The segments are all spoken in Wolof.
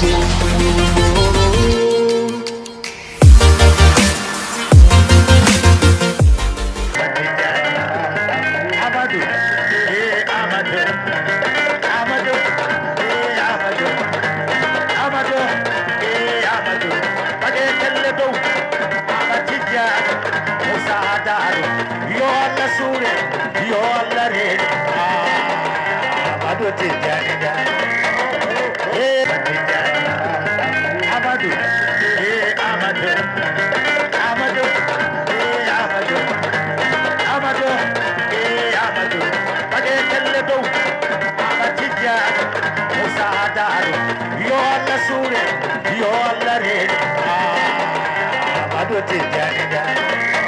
Yo, Allah Sure, Yo, Red, Ah, Madhu Jagada.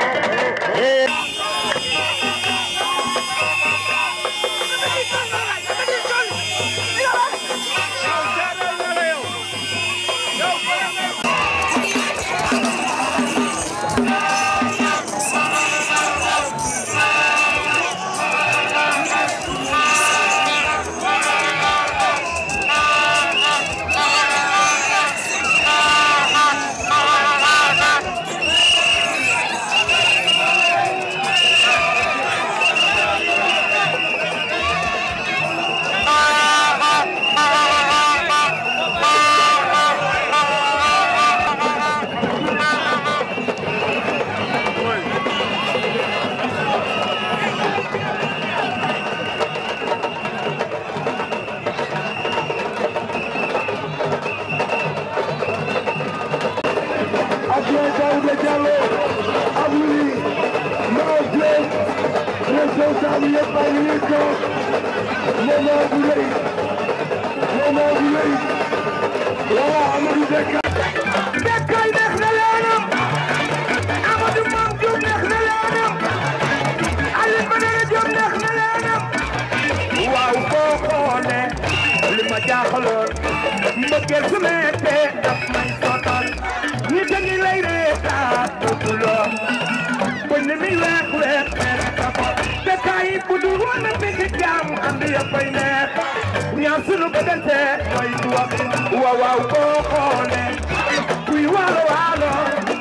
moo bu rëy moom moo bu rëy waaw Amadou Dekkal Dekkal neex na leen Amadou Mame Diop neex na leen Aliou Badara Diop neex na leen waaw koo xoone li ma jaaxaloon mbëggeel su mettee daf may sotal ñi dañu lay reetaan bu loo bañ mi weex weex weex yi budul woon na mi di jaam ànd yëppay neex ñaar sunu ko desee mooy du wax waaw waaw boo xoolee kuy waalo waalo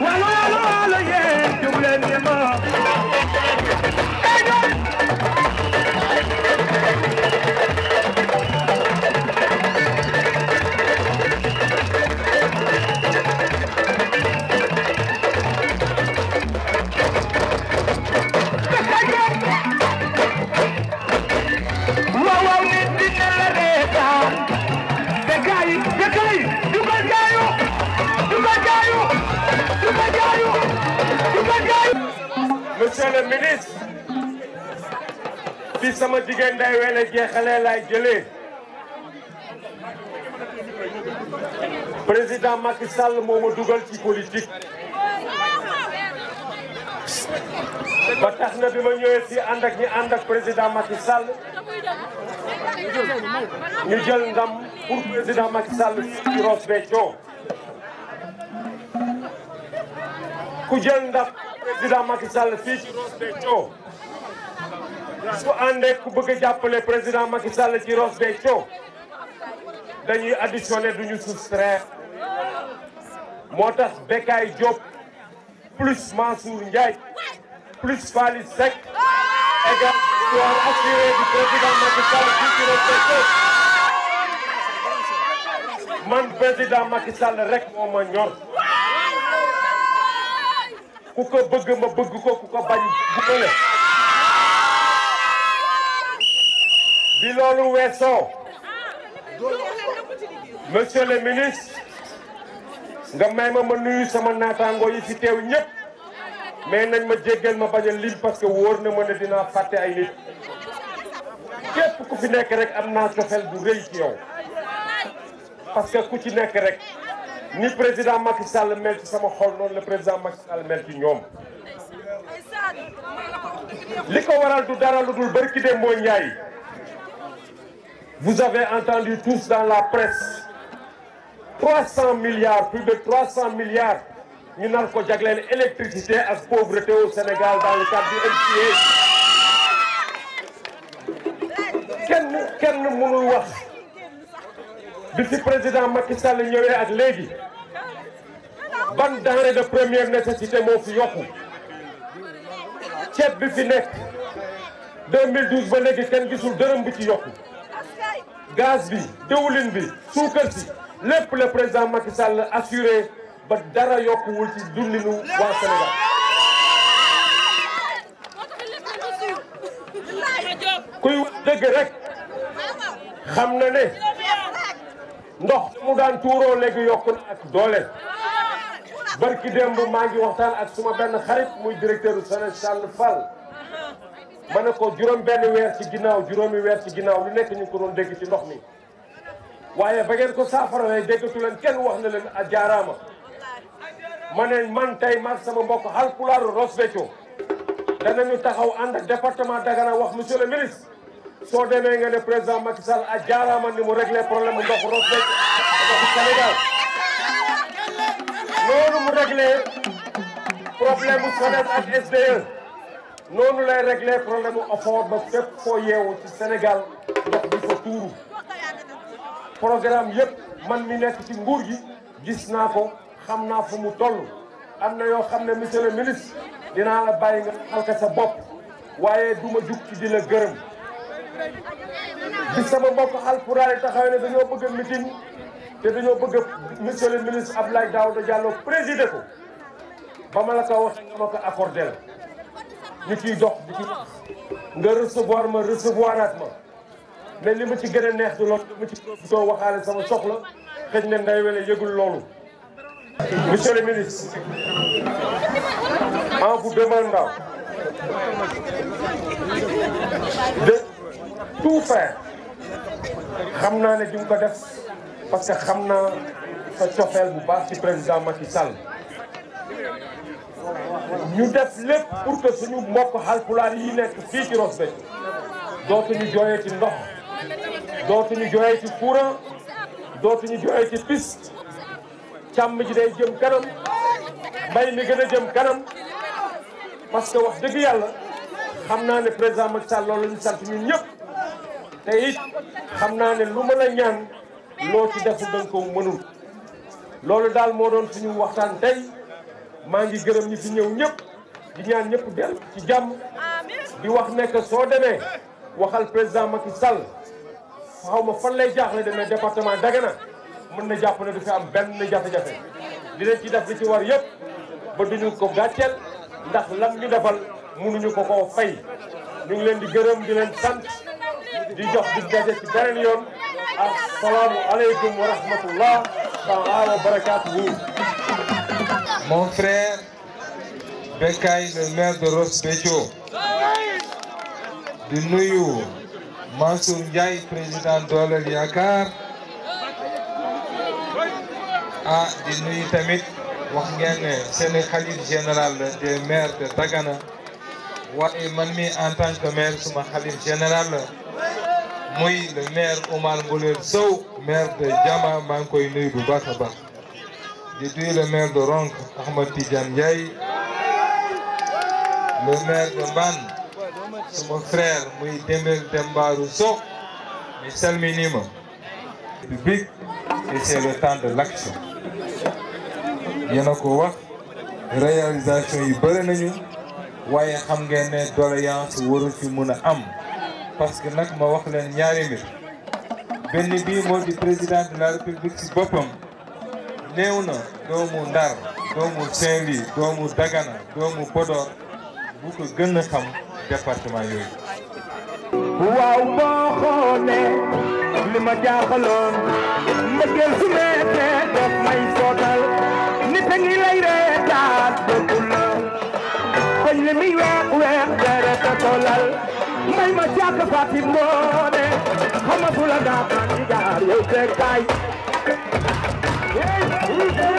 waalo waalo waalo yee jug monsieur le ministre fi sama jigéen day wele jeexalee laay jëlee président Macky Sall moo ma dugal ci politique ba tax na bi ma ñëwee fii ànd ak ñi ànd ak président Macky Sall ñu jël ndam pour président Macky Sall ci Ross Béthio ku jël ndam président Macky Sall fii ci Ross Béthio su àndee ku bëgg a jàppale président Macky Sall ci Ross Béthio moo tax Bekay Diop plus Mansour Ndiaye plus Faly Seck égale victoire assurée du président Macky Sall fii ci Ross Béthio man président Macky rek moo ma ñor ku ko bëgg ma bëgg ko ku ko bañ bu ko bi loolu weesoo monsieur le ministre nga may ma ma nuyu sama naataangoo yi ci teew ñëpp mais nañ ma jéggal ma bañ a parce que wóor na ma ne dinaa fàtte ay nit képp ku fi nekk rek am naa cofeel bu rëy ci yow parce que ku ci nekk rek ni président Macky Sall mel ci sama xol non le président Macky Sall mel ci ñoom waral du dara barki vous avez entendu tous dans la presse 300 milliards plus de 300 milliards ñu nar ko d'électricité électricité la pauvreté au Sénégal dans le cadre du MCA kenn kenn mënul wax bi ci président Macky Sall ñëwee ak léegi ban denrée de première nécessité moo fi yokku ceeb bi ci nekk 2012 ba léegi kenn gisul dërëm bu ci yokku gaz bi diwlin bi suukar si lépp le président Macky Sall assuré ba dara yokkuwul ci dundinu waa Sénégal. kuy wax dëgg rek xam na ne. ndox mu daan tuuroo léegi yokk na ak doole barki démb maa ngi waxtaan ak suma benn xarit muy directeur u Sénégal Fall ma ne ko juróom benn weer ci ginnaaw juróomi weer ci ginnaaw lu nekk ñu ko doon dégg ci ndox mi waaye ba ngeen ko saafarawee déggatu leen kenn wax na leen a jaaraama ma ne man tey mag sama mbokk Haalpulaaru Ross Béthio danañu taxaw ànd département Dagana wax monsieur le ministre soo demee nga ne président Macky Sall a jaaraama ni mu réglé problème mu ndox Ross Béthio ndoxu Sénégal noonu mu réglé problème réglé problème mu effort e. ba fépp foo yeewu ci Sénégal ndox bi fa tuuru programme yëpp man mi nekk ci nguur gi gis naa ko xam naa fu mu toll am na yoo xam ne monsieur le ministre dinaa la bàyyi nga xalka sa bopp waaye du ma jug ci di la gërëm di sama mbokk alpulaar taxawee ne dañoo bëgg a meeting te dañoo bëgg a monsieur le ministre Abdoulaye Daouda Diallo présider ko ba ma la ko wax ma ko accordé la ñu ciy dox di ci nga recevoir ma recevoiraat ma mais li ma ci gën a neex du loolu ma ci soo waxaale sama soxla xëj na nday wele yëgul loolu tout xam naa ne di ko def parce que xam naa sa cofeel bu baax ci président Macky Sall ñu def lépp pour que suñu mbokk Haalpulaar yi nekk fii ci Ross Béthio dootuñu jooyee ci ndox dootuñu jooyee ci courant dootuñu jooyee ci piste càmm ji day jëm kanam mbay mi gën a jëm kanam parce que wax dëgg yàlla xam naa ne président Macky Sall loolu la ñu sant ñu ñëpp. te it xam naa ne lu ma la ñaan loo ci defu da nga ko mënul loolu daal moo doon suñu waxtaan tey maa ngi gërëm ñi fi ñëw ñëpp di ñaan ñëpp del ci jàmm di wax nekk soo demee waxal président Macky Sall xaw ma fan lay jaaxle demee département Dagana mën na jàpp ne du fi am benn jafe-jafe dina ci def ci war yëpp ba duñu ko gàcceel ndax lam ñu defal mënuñu ko koo fay ñu ngi leen di gërëm di leen sant di jox di daje ci beneen yoon asalaamualeykum wa rahmatullah taala wa barakatuhu mon de Ross Béthio di nuyu Mansour Ndiaye président Dolel Yaakaar ah di nuyu tamit wax ngeen ne seen xalif général des de Dagana waaye man mi en tant que maire suma xalif Moi le maire Omar Ngouler Sow maire de Jama maa du koy je suis le maire de Ronk Ahmad Tidiane Ndiaye le maire de Mbane mon frère muy Dembel Dembarou Sow mi le Le public et c'est le temps de l'action en a réalisation yi bëri nañu waaye xam ngeen ne doléance warul fi mun am parce que nag ma wax leen ñaari mbir benn bii moo di président de la république ci boppam néew na doomu Ndar doomu saint doomu Dagana doomu Podor bu ko gën xam département yooyu. waaw boo xoolee li ma jaaxaloon ma gën su meetee def may sootal nit a ngi lay reetaat dëgg la bañ la muy weex weex dara tolal. may ma jàkk Fatim Mboné xama bula nga man i gaar yow te kay